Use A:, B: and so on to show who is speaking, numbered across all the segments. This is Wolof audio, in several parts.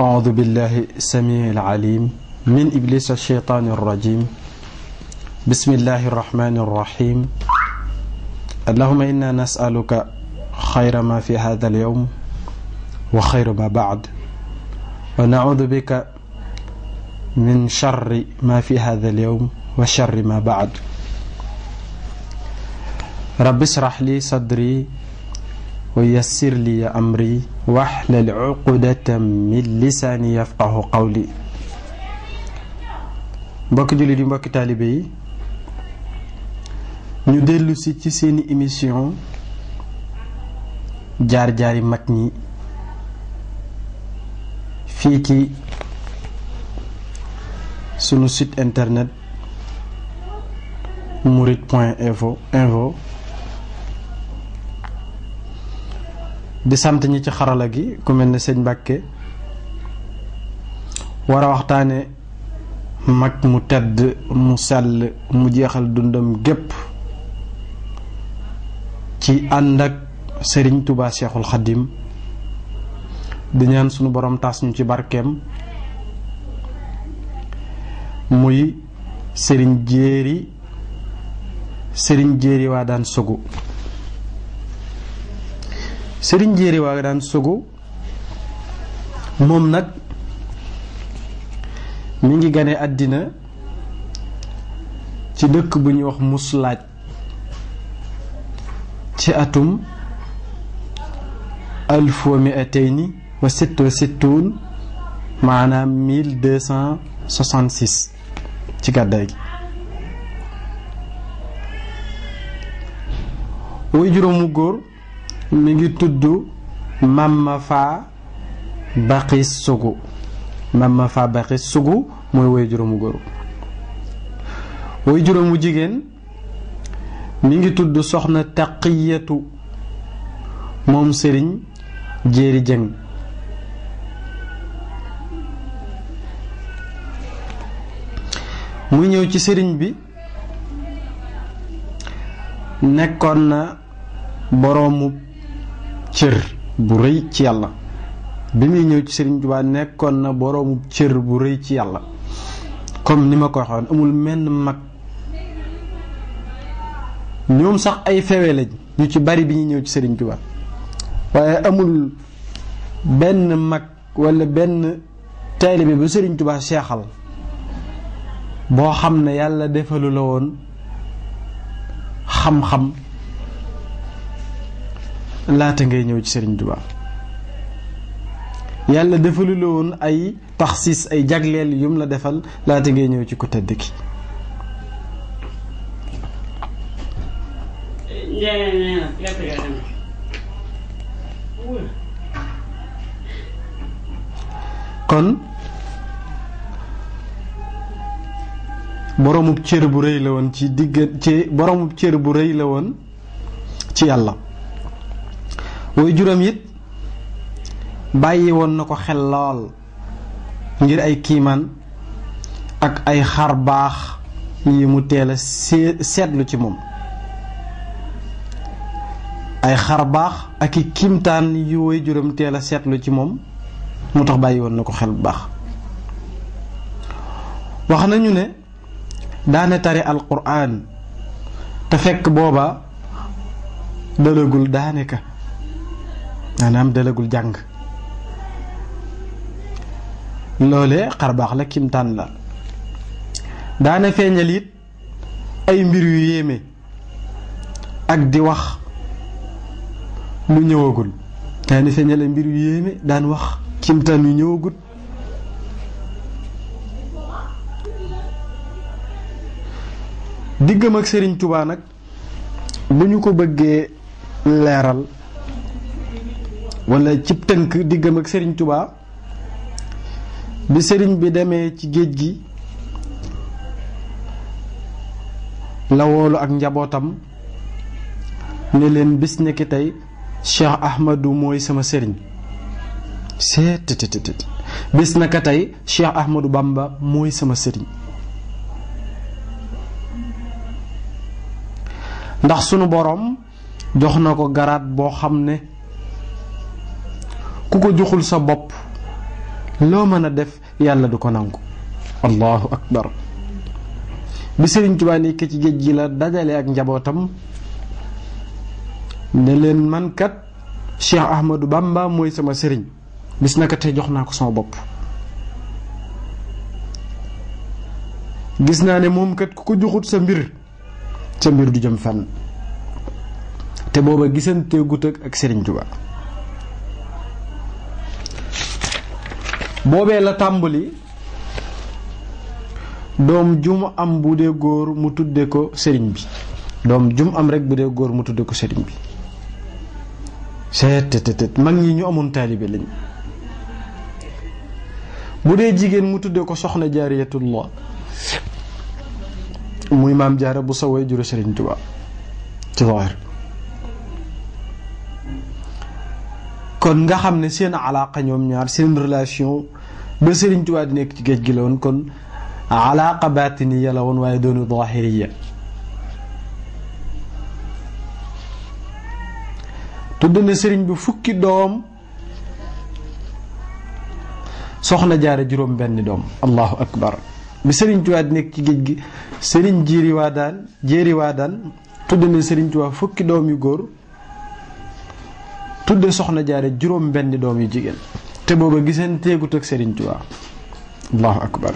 A: أعوذ بالله السميع العليم من إبليس الشيطان الرجيم بسم الله الرحمن الرحيم اللهم إنا نسألك خير ما في هذا اليوم وخير ما بعد ونعوذ بك من شر ما في هذا اليوم وشر ما بعد رب اشرح لي صدري wa yassir li amri waxlal uqdatam min lisaani yafqahu qawli mbokki jullit yi mbokki taalibe yi ñu dellusi ci seeni émission jaar-jaari mag ñi fii ci sunu site internet murit point info di sant ñi ci xarala gi ku mel ne sëñ Mbàkke war waxtaane mag mu tedd mu sell mu jeexal dundam gépp ci ànd ak sëriñ Tuubaa Seexul Xaddim di ñaan sunu borom taas ñu ci barkeem muy sëriñ jéeri sëriñ jéeri waa daan sogu sëriñ jéeri waa daan sogo moom nag mi ngi gane àddina ci dëkk bu ñuy wax muslaaj ci atum alf wa miatayni wa maanaam mille deux cent soixante ci gàddaay gi way juróomu góor mingi tuddu mamma fa baqis sugu mamma fa baqis sugu moy way juróomu goru way juróomu jigéen mi ngi soxna taqiyatu mom serign jeri jeng mu ñew ci serign bi nekkon na boromu cër bu rëy ci yàlla bi muy ñëw ci Serigne Touba nekkoon na boroomu cër bu rëy ci yàlla comme ni ma ko waxoon amul menn mag ñoom sax ay feewee lañ ñu ci bari bi ñuy ñëw ci Serigne Touba waaye amul benn mag walla benn taalibe ba Serigne Touba seexal boo xam ne yàlla defalu la woon xam-xam laata ngay ñëw ci Serigne Touba yàlla defalu woon ay taxsis ay jagleel yum la defal laata ngay ñëw ci ku tedd ki kon boromub cër bu rëy la woon ci digg ci boromub cër bu rëy la woon ci yàlla way juróom it bàyyi woon na ko xel lool ngir ay kiimaan ak ay xar baax yi mu teel seetlu ci moom ay xar baax ak i kiimtaan yu way juróom teel a seetlu ci moom mu tax bàyyiwoon na ko xel bu baax wax nañu ne daana tare alquraan te fekk booba dalagul daaneka maanaam dalagul jàng loole xarbaax la kimtaan la daana feeñal it ay mbir yu yéeme ak di wax lu ñëwagul daana feeñal ay mbir yu yéeme daan wax kimtaan yu ñëwagul diggam ak Serigne Touba nag bu ñu ko bëggee leeral wala cib tënk diggam ak sëriñ Touba bi sëriñ bi demee ci géej gi la woolu ak njabootam ne leen bis nekki tey Cheikh Ahmadu mooy sama sëriñ seet bis na naka tey Cheikh Ahmadu Bamba mooy sama sëriñ ndax sunu boroom jox na ko garaat boo xam ne ku ko joxul sa bopp loo mën a def yàlla du ko nangu allahu akbar bi Sëriñ Tuubaa nekk ci géej gi la dajale ak njabootam ne leen man kat Cheikh Ahmadou Bamba mooy sama sëriñ bis naka tey jox naa ko sama bopp gis naa ne moom kat ku ko joxut sa mbir sa mbir du jëm fenn te booba gu gisanteegut ak Sëriñ Tuubaa boobee la tàmbali doom ju am bu dee góor mu tuddee ko sëriñ bi doom ju am rek bu dee góor mu tudde ko sëriñ bi seet tëtëtët mag ñi ñu amoon taalibe lañ bu dee jigéen mu tuddee ko soxna jaariyatullah muy maam jaara bu sawee juru sëriñ Tuubaa kon nga xam ne seen alaaqa ñoom ñaar seen relation ba Serigne Touba di nekk ci géej gi la woon kon alaaqa baatiniya la woon waaye doonu zahiriya tudd na sëriñ bi fukki doom soxna jaare juróom benn doom allahu akbar bi sëriñ Tuubaa di nekk ci géej gi sëriñ jiiri waa daan jéeri waa daan tudd na sëriñ Tuubaa fukki doom yu góor tudde soxna jaare juróom benn doom yu jigéen te booba giseen teegut ak Serigne Touba allahu akbar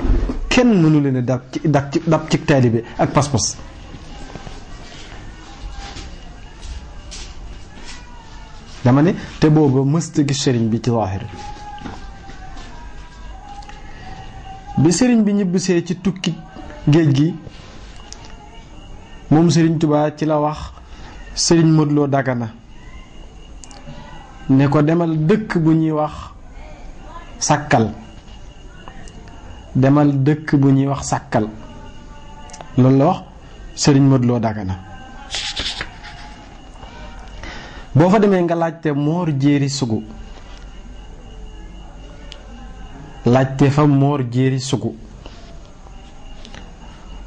A: kenn mënu leen a dab ci dab ci dab ak pas-pas dama ne te booba mësta gis sëriñ bi ci zaahir bi sëriñ bi ñibbisee ci tukki géej gi moom Serigne Touba ci la wax sëriñ Modou daggana ne ko demal dëkk bu ñuy wax sàkkal demal dëkk bu ñuy wax sàkkal loolu la wax sëriñ modloo dagana boo fa demee nga laajte moor jéeri sugu laajte fa moor jéeri sugu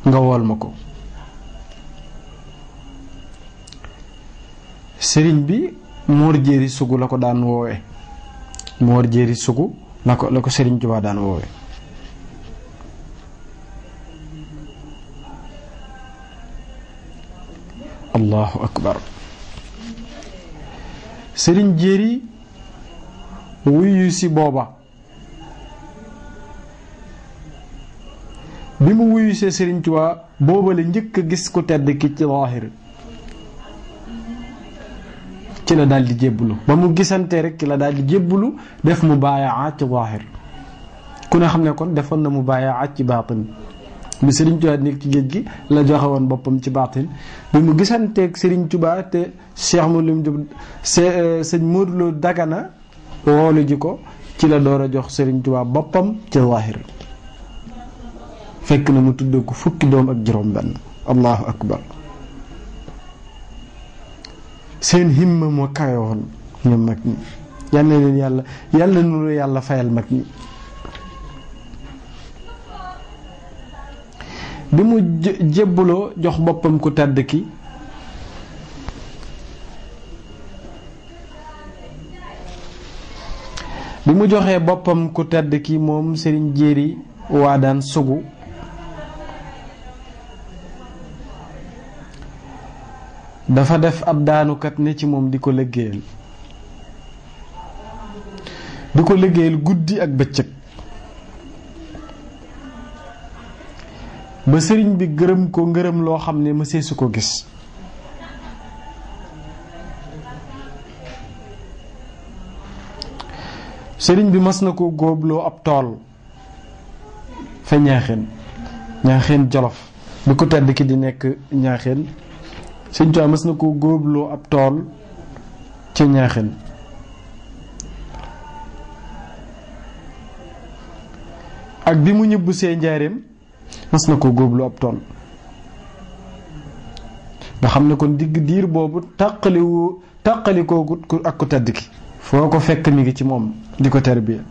A: nga wol ma ko bi moor jéeri sugu la ko daan woowe moor jéeri sugu la ko la ko Sëriñ Tuubaa daan woowe allahu akbar sëriñ jéeri wuyu booba bi mu wuyu see Sëriñ Tuubaa booba la njëkk a gis ku tedd ki ci laahir ci la daal di jébbulu ba mu gisantee rekk la daal di jébbulu def mu baayaa ci zaahir ku ne xam ne kon defoon na mu baayaa ci baatin bi Serigne Touba nekk ci géej gi la joxe woon boppam ci baatin bi mu gisanteeg Serigne Touba te Cheikh Moulim Diop eh, sëñ Modou Dagana woolu ji ko ci la door a jox sëriñ Touba boppam ci zaahir fekk na mu tudd ko fukki doom ak juróom-benn allahu akbar seen himma moo kawe woon mag ñi yal leen yàlla yàlla nu yàlla fayal mag ñi bi mu jébbuloo jox boppam ku tedd ki bi mu joxee boppam ku tàdd ki moom sëriñ jéeri waa daan sugu dafa def ab daanukat ne ci moom di ko liggéeyal di ko liggéeyal guddi ak bëccëg ba sëriñ bi gërëm ko ngërëm loo xam ne mësee su ko gis sëriñ bi mas na ko góobloo ab tool fa ñaaxeen ñaaxeen jolof bi ko tedd ki di nekk ñaaxeen sëñ Tuubaa mës na koo góobloo ab tool ca ñaaxen ak bi mu ñëbb see njaareem mës na ko góobloo ab tool nga xam ne ko digg diir boobu tàqaliwu tàqali ak ku tedd ki foo ko fekk mi ngi ci moom di ko terbiya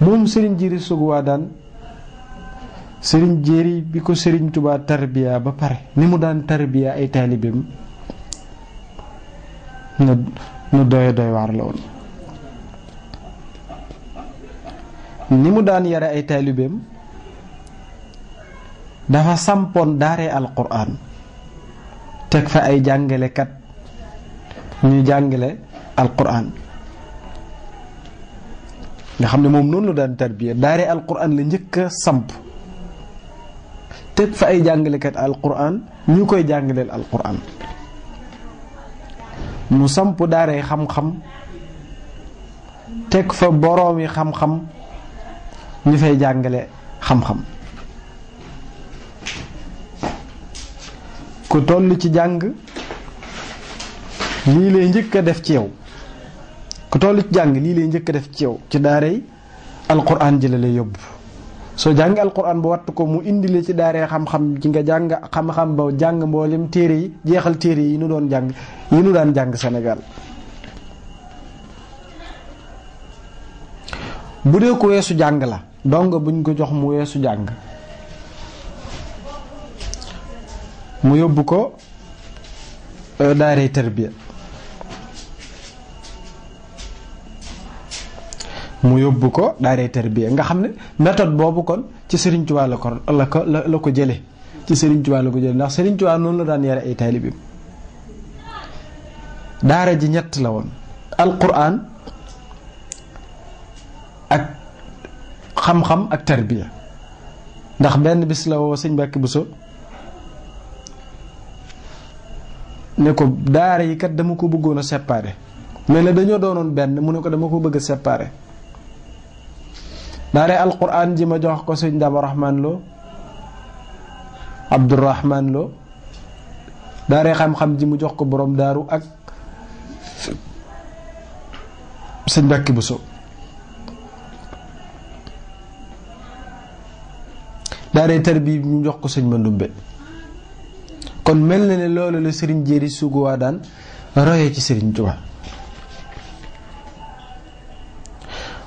A: moom sëriñ jiri sugu waa daan sëriñ jéeri bi ko sëriñ tubaa tarbiya ba pare ni mu daan tarbiya ay taalibeem nu nu doy doy waar la woon ni mu daan yare ay taalibeem dafa sampoon daaree alquran teg fa ay jàngalekat ñuy jàngale alquran nga xam ne moom noonu la daan tarbiya daaree alquran la njëkk samp teg fa ay jàngalekat alquran ñu koy jàngaleel alquran mu samp daaree xam-xam teg fa boroomi xam-xam ñu fay jàngale xam-xam ku toll ci jàng lii lay njëkk a def ci yow ku toll ci jàng lii lay njëkk a def ci yow ci daaray alquran ji la lay yóbbu so jang alquran bo watt ko mu indi le ci daare xam-xam ji nga jang xam-xam bo jang mbolim téré yi jeexal téere yi nu doon jang yi nu daan jang Sénégal budé ko wessu jang la dong buñ ko jox mu wessu jang mu yobbu ko euh, daare tarbiya mu yóbbu ko daaree tarbiya nga xam ne méthode boobu kon ci Serigne Touba la ko la ko la ko jëlee ci Serigne Touba la ko jëlee ndax Serigne Touba noonu la daan yare ay taalibeem daara ji ñett la woon alquran ak xam-xam ak tarbiya ndax benn bis la woo sëñ Mbàkke Buso ne ko daara yi kat dama ko bëggoon a séparer mais la dañoo doonoon benn mu ne ko dama ko bëgg a séparer daare alquran ji ma jox ko sëñ Daba Rahman Lo Abdourahman Lo daare xam-xam ji mu jox ko boroom daaru ak sëñ bu Buso daare tarbi bi mu jox ko sëñ Mandumbe kon mel na ne loolu la sëriñ Jéeri Suguwaa daan royee ci sëriñ Tuubaa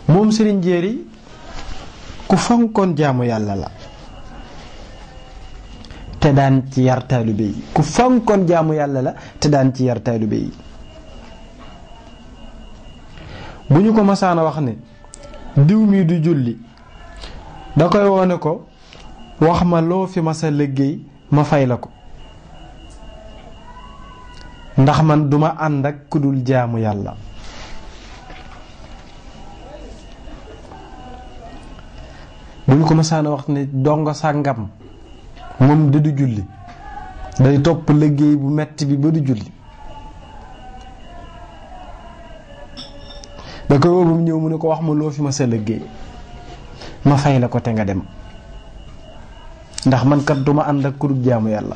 A: moom sëriñ Jéeri ku fonkoon jaamu yàlla la te daan ci yar taalibe yi ku fonkoon jaamu yàlla la te daan ci yar taalibe yi bu ñu ko masaana wax ne diw mii du julli da koy wone ko wax ma loo fi ma liggéey ma fay la ko ndax man duma ànd ak ku dul jaamu yàlla bu ñu ko mësaan a wax ne dongo sàngam moom da du julli day topp liggéey bu metti bi ba du julli da koy woo ñëw mu ne ko wax ma loo fi ma sa liggéey ma fay la ko te nga dem ndax man kat duma ànd ak kurub jaamu yàlla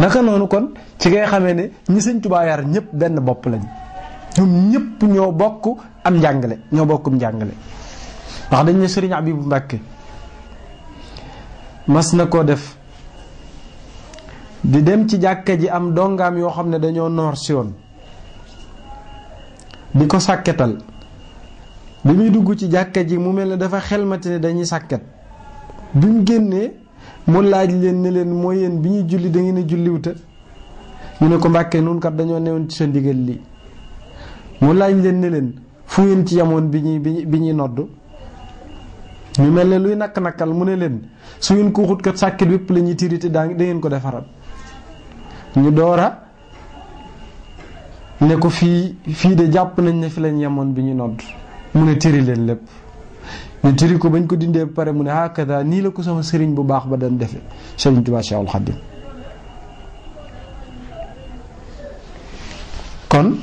A: naka noonu kon ci ngay xamee ne ñi sëñ Tuubaa yar ñépp benn bopp lañ ñoom ñëpp ñoo bokk am njàngale ñoo bokkum njàngale wax dañ ne sëriñ Abibu Mbàkke mas na koo def di dem ci jàkka ji am dongaam yoo xam ne dañoo noor si woon di ko sàkketal bi muy dugg ci jàkka ji mu mel ne dafa xelmati ne dañuy sàkket bi mu génnee mu laaj leen ne leen mooy yéen bi ñuy julli da ngeen a julliwuta ñu ne ko mbàkkee nun dañoo newoon ci sa ndigal lii mu laaj leen ne leen fu ngeen ci yamoon bi ñuy bi ñuy nodd ñu mel ne luy nakk-nakkal mu ne leen su ngeen ko waxut kat sàkkit wépp la ñuy tiirite daa dangeen ko defaral ñu doora ne ko fii fii de jàpp nañ ne fi lañ yemoon bi ñuy nodd mu ne tiri leen lépp ñu tiri ko bañ ko dindee ba pare mu ne hakada nii la ko sama sëriñ bu baax ba daan defe sëriñ Tuubaa Seexul Xadiim kon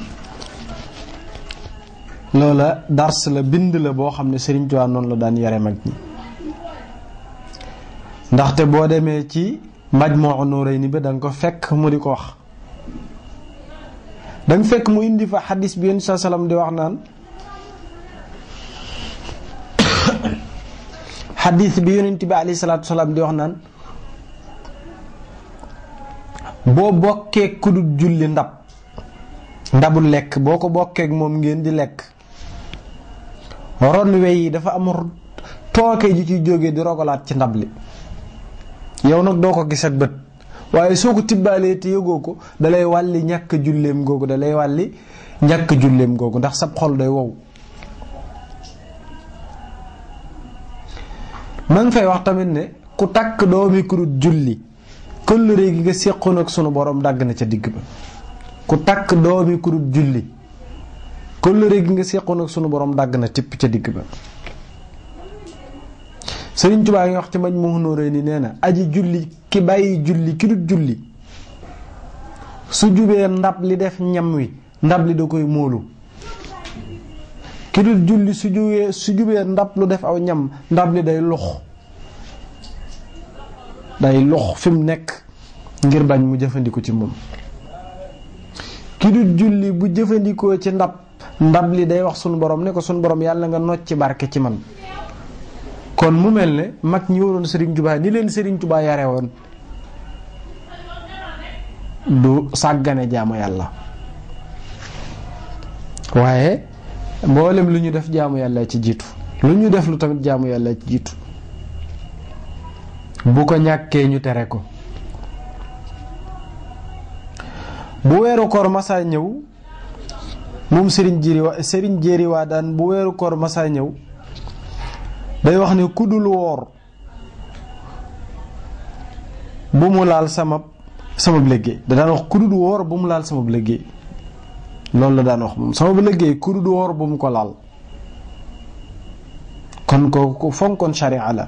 A: loola dars la bind la boo xam ne Sëriñ Tuubaa noonu la daan yare mag ñi ndaxte boo demee ci Majmu'un Nurayni ba da nga ko fekk mu di ko wax da fekk mu indi fa xadis bi Yonent saa salaam di wax naan xadis bi Yonent bi alayhi salaatu salaam di wax naan boo bokkee kudut julli ndab ndabul lekk boo ko bokkeek moom ngeen di lekk ron we yi dafa am tooke ji ci jóge di rogalaat ci ndab li yow nag doo ko gis ak bët waaye soo ko tibbaalee te yëgoo ko dalay wàlli ñàkk julleem googu dalay wàlli ñàkk julleem googu ndax sab xol day wow ma ngi fay wax tamit ne ku takk doomi kurut julli këllëre gi nga séqoon nag sunu boroom dagg na ca digg ba ku takk doomi kurut julli kóllëre gi nga seqoon ak sunu borom dàgg na tipp ca digg ba Sëriñ Tuubaa ngi wax ci mañ mu xunóoree ni nee na aji julli ki bàyyi julli ki du julli su jubee ndab li def ñam wi ndab li da koy móolu ki dul julli su jubee ndab lu def aw ñam ndab li day lux day lux fi nekk ngir bañ mu jëfandiku ci moom ki dul julli bu jëfandikoo ci ndab ndab li day wax sunu borom ne ko sunu borom yàlla nga nocci barke ci man kon mu mel ne mag ñi waroon Serigne Touba leen Serigne Touba yare woon du sàggane jaamu yàlla waaye mboolem lu ñu def jaamu yàlla ci jiitu lu ñu def lu tamit jaamu yàlla ci jiitu bu ko ñàkkee ñu tere ko bu weeru koor masaa ñëw moom Serigne Jéeri waa Serigne Jéeri waa daan bu weeru koor masaa ñëw day wax ne kuddul woor bu mu laal sama sama liggéey da daan wax kuddul woor bu mu laal sama liggéey loolu la daan wax moom sama liggéey kuddul woor bu mu ko laal kon kooku fonkoon sharia la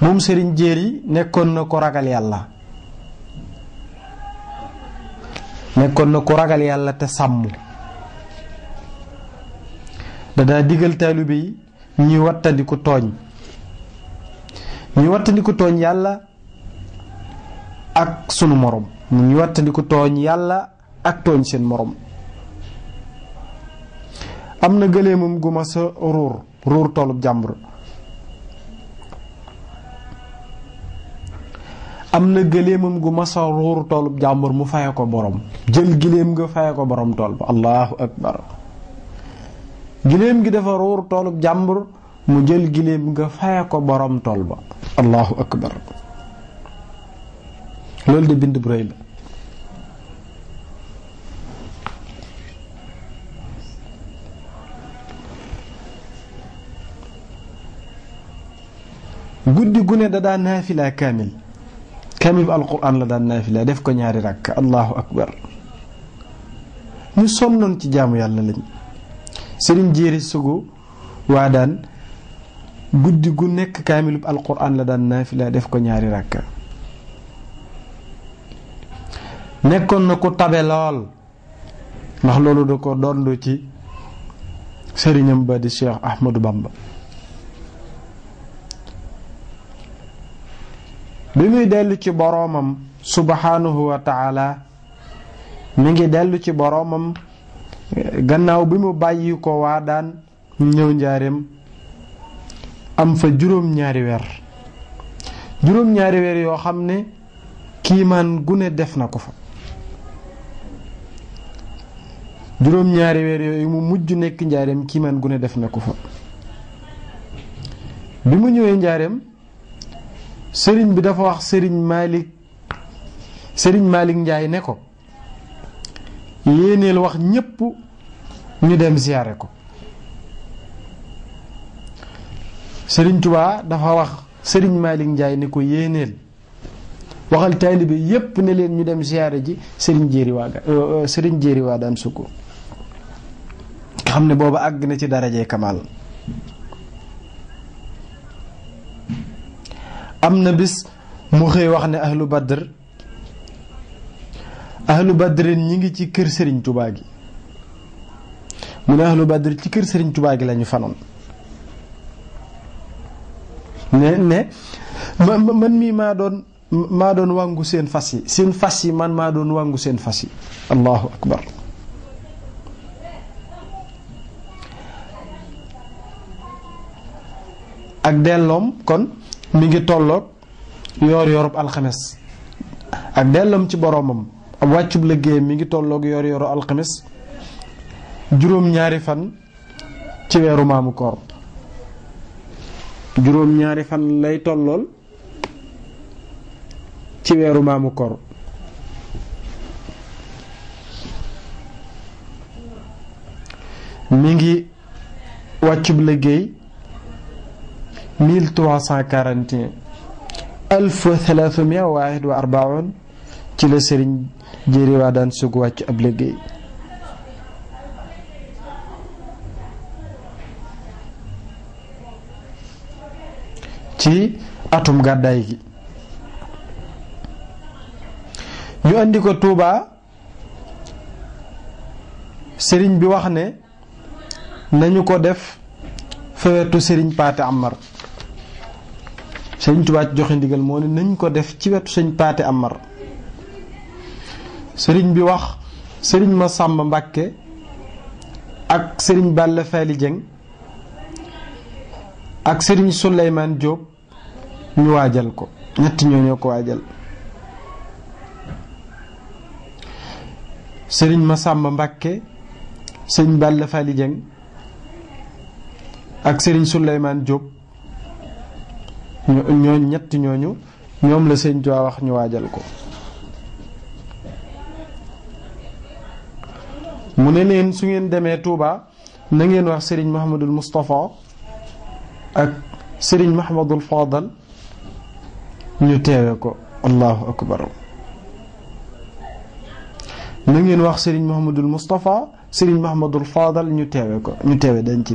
A: moom sëriñ jéeri nekkoon na ko ragal yàlla nekkoon na ko ragal yàlla te sàmm dadaa digal taalibe yi ñuy wattandiku tooñ ñuy wattandiku tooñ yàlla ak sunu morom ñuy wattandiku tooñ yàlla ak tooñ seen moroom am na gëléemam gu ma sa ruur ruur toolub jàmbur am na gëléemam gu masa ruur toolub jàmbur mu faye ko borom jël giléem nga faye ko borom tool ba allahu akbar giléem gi dafa ruur toolub jàmbur mu jël giléem nga faye ko borom tool ba allahu akbar loolu de bind bu rëy la guddi gu ne kaamil bu alquran la daan naafila def ko ñaari rakk allahu akbar ñu sonnoon ci jaamu yàlla lañ sëriñ jéeri sugu waa daan guddi gu nekk kaamil bu alquran la daan naafila def ko ñaari rakk nekkoon na ku tabe lool ndax loolu da ko dondu ci sëriñam ba di Cheikh Ahmadou Bamba bi muy dellu ci boroomam subhaanahu wa taala ngi dellu ci boroomam gannaaw bi mu bàyyi ko waa daan ñëw njaareem am fa juróom-ñaari weer yoo xam ne kiimaan gu def na ko fa juróom-ñaari weer yooyu mu mujj nekk njaareem kiimaan gu ne def na ko fa bi mu ñëwee njaareem sëriñ bi dafa wax sëriñ Malick sëriñ Malick Ndiaye ne ko yéeneel wax ñépp ñu dem ziyaare ko sëriñ Touba dafa wax sëriñ Malick Ndiaye ne ko yéeneel waxal taalibe yépp ne leen ñu dem ziyaare ji sëriñ jéeri waaga euh, euh, sëriñ jéeri waa daan sukku xam ne booba àgg na ci darajee Kamal. am na bés mu xëy wax ne ahlu badr ahlu badrin ñu ngi ci kër sëriñ tubaa gi mu ne ahlu badr ci kër sëriñ tubaa gi lañu fanoon ne ne man mii maa doon maa doon wangu seen fas yi seen fas yi man maa doon wangu seen fas yi allahu akbar ak delloom kon mi ngi tolloog yoor yorub alxames ak dellam ci boroomam ab wàccub liggéey mi ngi tolloog yoor yoru alxames juróom-ñaari fan ci weeru maamu koor juróom fan lay tollool ci weeru maamu koor mi ngi wàccub liggéey 1341 1341 ci la sëriñ jéeri waa daan sug wàcc ab ci atum gàddaay gi ñu andi ko Touba sëriñ bi wax ne nañu ko def fewetu sëriñ Paate Amar sëñ Tuubaa joxe ndigal moo ne nañ ko def ci wetu sëñ Paate Amar sëriñ bi wax sëriñ Masamba Mbàkke ak sëriñ Balla Fally Dieng ak sëriñ Souleymane Diop ñu waajal ko ñetti ñoo ñoo ko waajal sëriñ Masamba Mbàkke sëriñ Balla Fally Dieng ak sëriñ Souleymane Diop ñoo ñetti ñooñu ñoom la sëñ Tuubaa wax ñu waajal ko mu ne leen su ngeen demee Touba na ngeen wax Serigne Mahamadul Moustapha ak Serigne Mahamadul Fadal ñu teewe ko allahu akbar na ngeen wax Serigne Mahamadul Moustapha Serigne Mahamadul Fadal ñu teewe ko ñu teewe denc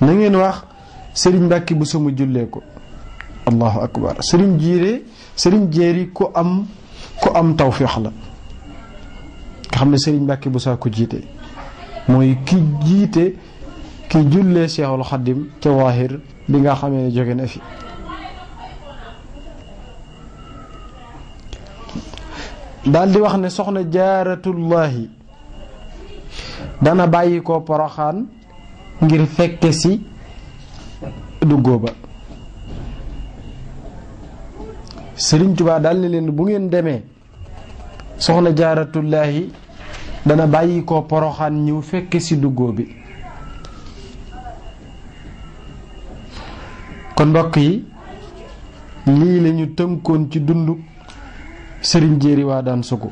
A: bi na wax sëriñ Mbàkke bu sama jullee ko allahu akbar sëriñ jiire sëriñ jéeri ku am ku am tawféex la nga xam ne sëriñ Mbàkke bu saa ko jiite mooy ki jiite ki jullee seexul xaddim ca waahir bi nga xamee ne jóge na fi daldi wax ne soxna jaaratullaahi dana bàyyi ko poroxaan ngir fekke si duggoo ba Sëriñ Tuubaa daal ne leen bu ngeen demee soxna jaaratullaahi dana bàyyi ko poroxaan ñëw fekk ci duggo bi kon mbokk yi lii la tënkoon ci dundu Sëriñ Jéeri Waadaan Sugu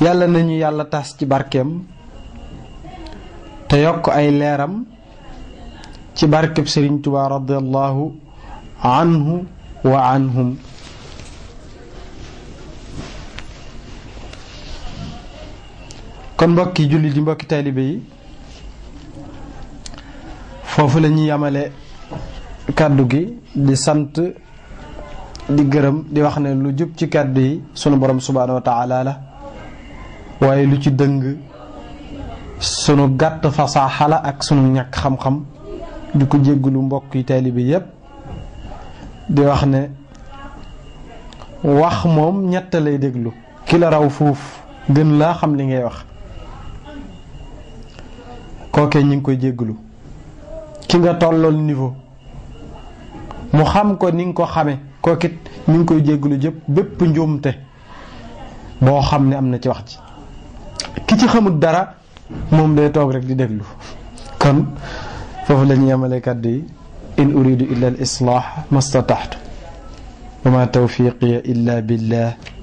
A: yàlla nañu yàlla tas ci barkeem te yokk ay leeram ci barkeb Sëriñ Tuubaa radiyallahu anhu wa anhum kon mbokki julli di mbokki taalibe yi foofu la ñuy yamale kàddu gi di sant di gërëm di wax ne lu jub ci kàddu yi sunu borom subhaanahu wa la waaye lu ci dëng sunu gàtt fasaaxa la ak sunu ñàkk xam-xam di ko jéggulu mbokk yi taalibe yépp di wax ne wax moom ñett lay déglu ki la raw fuuf gën laa xam li ngay wax kookee ñu ngi koy jégglu ki nga tollool niveau mu xam ko ni nga ko xame kookit ñu ngi koy jégglu jëpp bépp njuumte boo xam ne am na ci wax ji ki ci xamul dara mom day tok rek di déglu kon fofu lañu yamale yemale kàddu in uridu illa al islah mastataxtu wa ma tawfiqiya illa billah